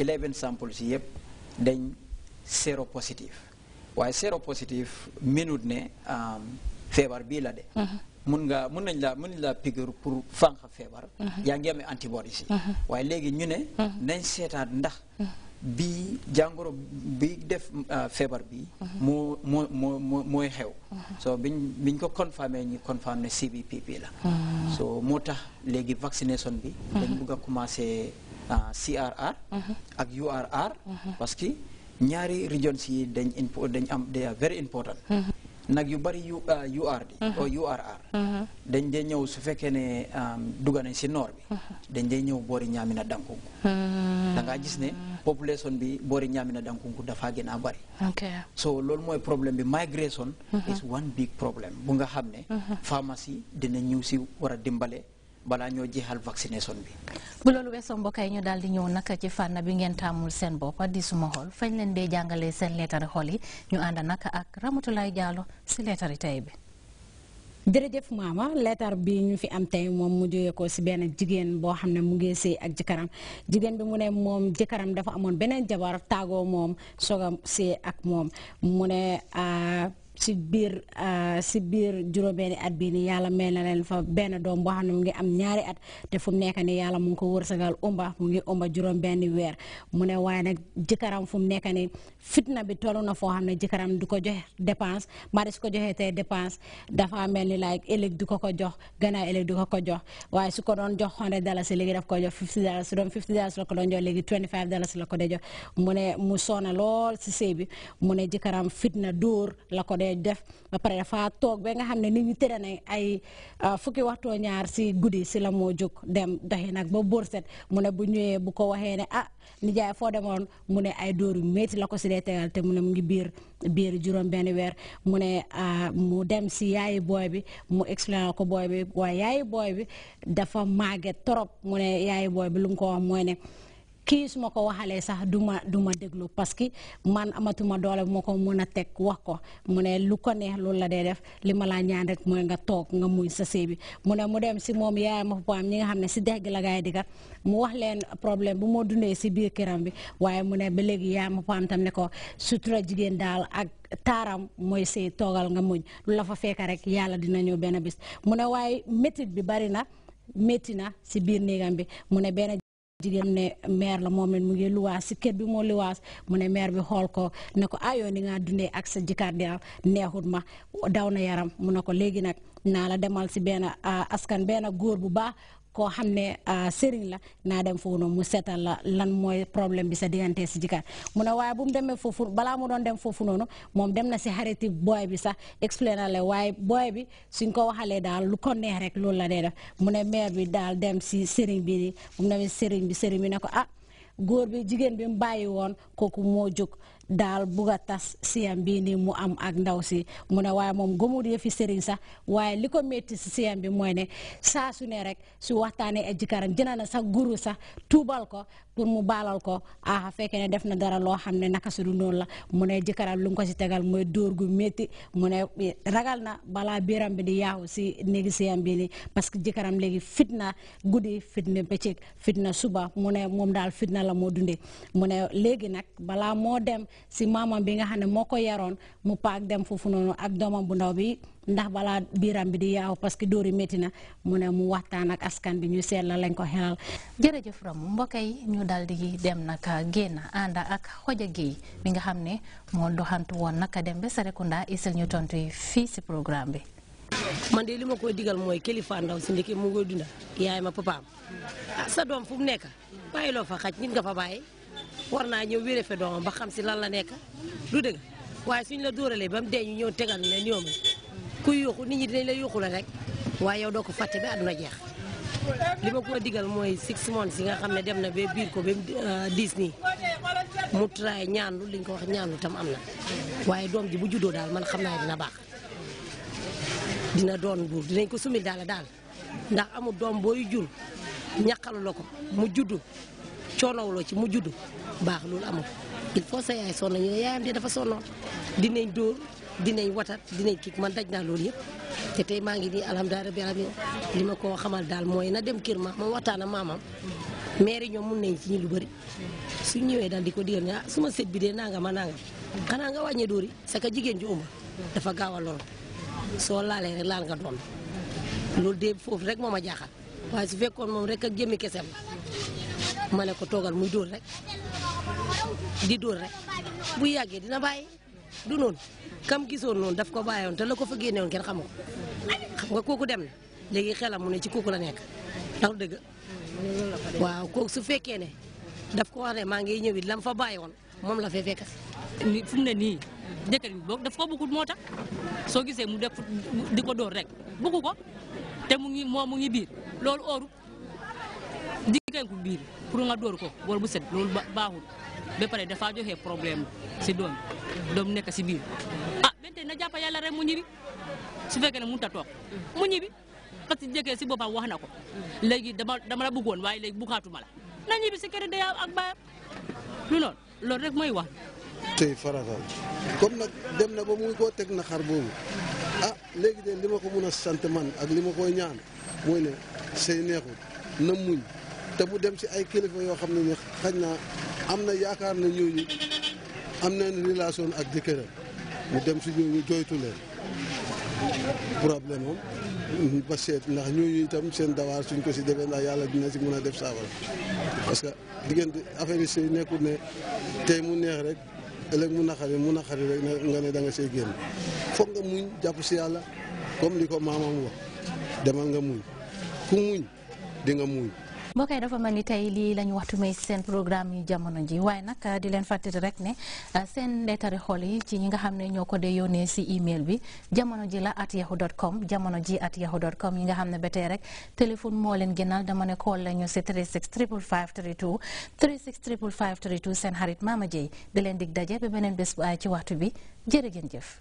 eleven samples yëpp dañ sero positive waaye zero positive minute ne feebar bii la de mhm. mun nga mun nañ laa mun nañ laa piqûre pour fànq feebar mhm. yaa ngi amee antibodies yi mhm. waaye léegi ñu ne nañ seetaat ndax bi jàngoro bi def euh, feebar bi moo moo moo mooy xew so biñ biñ ko confirmé ñu confirmé ne CBPP la so moo tax léegi vaccination bi dañ bugg a CRR mm-hmm. ak URR mm-hmm. parce que ñaari regions yi dañ impo dañ am they important mm-hmm. nag yu bari yu UR di o URR dañ dee ñëw su fekkee ne euh, dugga nañ si noor bi dañ dee ñëw boori ñaamina dankunku da ngaa gis ne population bi boori ñaamina dankunku dafaa gën a bari so loolu mooy problème bi migration is one big problem bu nga xam ne pharmacie dina ñëw si war a dimbale balaa ñoo jeexal vaccination bi. bu loolu weesoo mbokk yi ñu daal di ñëw naka ci fànna bi ngeen taamul seen bopp di suma xool fañ leen dee jàngalee seen leetari xool yi ñu ànd naka ak Ramatulaay Jaalo si leetari tey bi. jërëjëf maama leetar bi ñu fi am tey moom mu jógee ko si benn jigéen boo xam ne mu ngi sëy ak jëkkëram jigéen bi mu ne moom jëkkëram dafa amoon beneen jabar taagoo moom soog a sëy ak moom mu ne. Ah, si biir ah, si biir juróom-benni at bii nii yàlla may na leen fa benn doom boo xam mu ngi am ñaari at te fu mu nekk nii yàlla mu ngi ko wërsëgal umba mu ngi umba juróom-benni weer mu ne waaye nag jëkkëram fu mu nekk nii fitna bi tollu na foo xam ne jëkkëram du ko joxe dépense mbaa su ko joxee tey dépense dafa mel ni like ëllëg du ko ko jox gannaaw ëllëg du ko ko jox waaye su ko doon jox hundred dalasi ko jox fifty dalasi su doon la ko doon jox léegi twenty five dalasi la ko dee jox mu ne mu soona lool si sëy mu koy def ba pare dafa toog ba nga xam ne nit ñi tëdd nañ ay euh, fukki waxtoo ñaar si guddi si la moo jóg dem doxi nag ba boor set mu ne bu ñëwee bu ko waxee ne ah nijaay foo demoon mu ne ay dóor yu métti la ko si dee tegal te mu ne mu ngi biir biir juróom benn weer mu ne euh, mu dem si yaayi booy bi mu expliqué ko booy bi waaye yaayi booy bi dafa màgget trop mu ne yaayi booy bi lu mu ko mooy ne kii ma ko waxalee sax du ma du ma déglu parce que man amatuma doole bu ma ko mun a teg wax ko mu ne lu ko neex loolu la dee def li ma laa ñaan rek mooy nga toog nga muñ sa sëy bi mu mu dem si moom yaayam ak papaam ñi nga xam ne si dex gi la di digat mu wax leen problème bu moo dundee si biir këram bi waaye mu ne ba léegi yaayam ak papaam tam ne ko sutura jigéen daal ak taaram mooy see toogal nga muñ lu la fa fekk rek yàlla dina ñëw benn bis mu ne waaye métit bi bari na jigéen ne maire la moom it mu ngi luwaas si kër bi moo luwaas mu ne maire bi xool ko ne ko ayoon ni nga dundee ak sa jikaar di neexut ma daw na yaram mu ne ko léegi nag naa la demal si benn ah, askan benn góor bu baax koo xam ne ah, sëriñ la naa dem foofu noonu mu seetal la lan mooy problème bi sa diggante si jika mu ne waaye bu mu demee foofu balaa mu doon dem foofu noonu moom dem na si xariti booy bi sax expliqué le waaye booy bi suñ ko waxalee daal lu ko neex rek loolu la de def mu ne maire bi daal dem si sëriñ bi nii bu mu demee sëriñ bi sëriñ bi ne ko ah góor bi jigéen bi mu bàyyi woon kooku moo jóg daal bugg a tas siyam bi nii mu am ak ndaw si mu ne waaye moom gëmul yëfi sëriñ sax waaye li ko métti si siyam bi mooy ne saa su ne rek su waxtaanee ak jikaram jëna na sax guru sax tuubal ko pour mu baalal ko a fekkee ne def na dara loo xam ne naka su du la mu ne jikaram lu ko si tegal mooy dóor gu métti mu ne ragal na balaa biiram bi di yaaxu si néegi siyam bi parce que jikaram léegi fitna guddi fitna bëccëg fitna suba mu ne moom daal fitna la moo dundee mu ne léegi nag balaa dem si maamam bi nga xam ne moo ko yaroon mu paak dem foofu noonu ak doomam bu ndaw bi ndax balaa biiram bi di yaaw parce que dóori metti na mu ne mu waxtaan ak askan bi ñu seet la lañ ko xelal. jërëjëf Ramou mbokk yi ñu daal di dem naka génn ànda ak xoja géey mi nga xam ne moo doxantu woon naka dem ba Serekunda isil ñu tontu yi fii si programme bi. man de li ma koy digal mooy kilifa ndaw si ndeke mu ngi dunda yaay ma papaam sa doom fu nekk bàyyi loo war naa ñëw vérifier doomam ba xam si lan la nekk du dëgg waaye suñ la dóoralee ba mu dee ñu ñëw tegal ne ñoom ku yuuxu nit ñi dinañ la yuuxu la rek waaye yow doo ko fàtte ba àdduna jeex li ma ko diggal mooy six months yi nga xam ne dem na ba biir ko ba euh, diis nii mu traay ñaanlu liñ ko wax ñaanlu tam am na waaye doom ji mu juddoo daal man xam naa dina baax dina doon buur dinañ ko sumil daal daal ndax amu doom booy jur ñaqalu la ko mu juddu coonowloo ci mu juddu baax loolu amul il faut sa yaay sonn ñu ne yaayam de dafa sonnoon dinañ dóor dinañ watat dinañ kii man daj naa loolu yëpp te tey maa ngi nii alhamdulilah rabbil alamin li ma koo xamal daal mooy na dem kër ma ma waxtaan ak maamam maire ñoom mun nañ ci ñu lu bëri suñ ñëwee daal di ko digal ne ah su ma sët bi dee nangam a nangam xanaa nga wàññee dóor yi c'est que jigéen ju dafa gaaw a lool soo laalee rek laal nga doon loolu de foofu rek moo ma jaaxal waaye su fekkoon moom rek ak jëmmi kesem ma ne ko toogal muy dóor rek di dóor rek bu yàggee dina bàyyi du noonu kam gisoon noonu daf ko bàyyoon te la ko fa génnewoon kenn xamu ko xam nga kooku dem na léegi xelam mu ne ci kooku la nekk ndax dëgg waaw kooku su fekkee ne daf ko wax ne maa ngi ñëwit lam fa bàyyoon moom la fee fekk ni fu mu ne nii jëkkër bi boog daf ko bëggut moo tax soo gisee mu def di ko dóor rek bëggu ko te mu ngi moo mu ngi biir loolu ooru digal ko biir pour nga dóor ko bool bu set loolu baaxul ba pare dafaa joxe problème si doom doom nekk si biir ah bente na jàppa yàlla rek mu ñibi su fekkee ne mun ta toog mu ñibi parce que jege si boppam wax na ko léegi dama dama la bëggoon waaye léegi bukkaatuma la na ñibi si kër ndeyam ak baayam lu noonu loolu rek mooy wax tey faratal comme nag dem na ba mu koo teg na xar boobu ah léegi de li ko mun a sant man ak li ma koy ñaan mooy ne sëy neexul na muñ te bu dem si ay kilifa yoo xam ne ni xañ naa am na yaakaar na ñooñu am nañ relation ak jëkkëram mu dem si ñooñu joytu leen problème am ba seet ndax ñooñu itam seen dawaar suñ ko si defee ndax yàlla dina si mën a def saabal parce que diggante affaire yi si nekkul ne tey mu neex rek ëllëg mu naqari mu naqari rek nga ne da nga see génn foog nga muñ jàpp si yàlla comme li ko maamam wax demal nga muñ ku muñ di nga muuñ mbokk yi dafa mel ni tey lii la ñu waxtu may seen programme yi jamono ji waaye nag di leen fàttali rek ne ah, seen ndeetari xool yi ci ñi nga xam ne ñoo ko dee yónnee si email bi jamono ji la at yahoo dot com jamono ji at yahoo dot com ñi nga xam ne ba tey rek téléphone moo leen gënal dama ne call la ñu si 36 555 32 36 555 32 seen xarit Mama Dieye di leen dig daje ba beneen bes bu ay ci waxtu bi jërë ngeen jëf.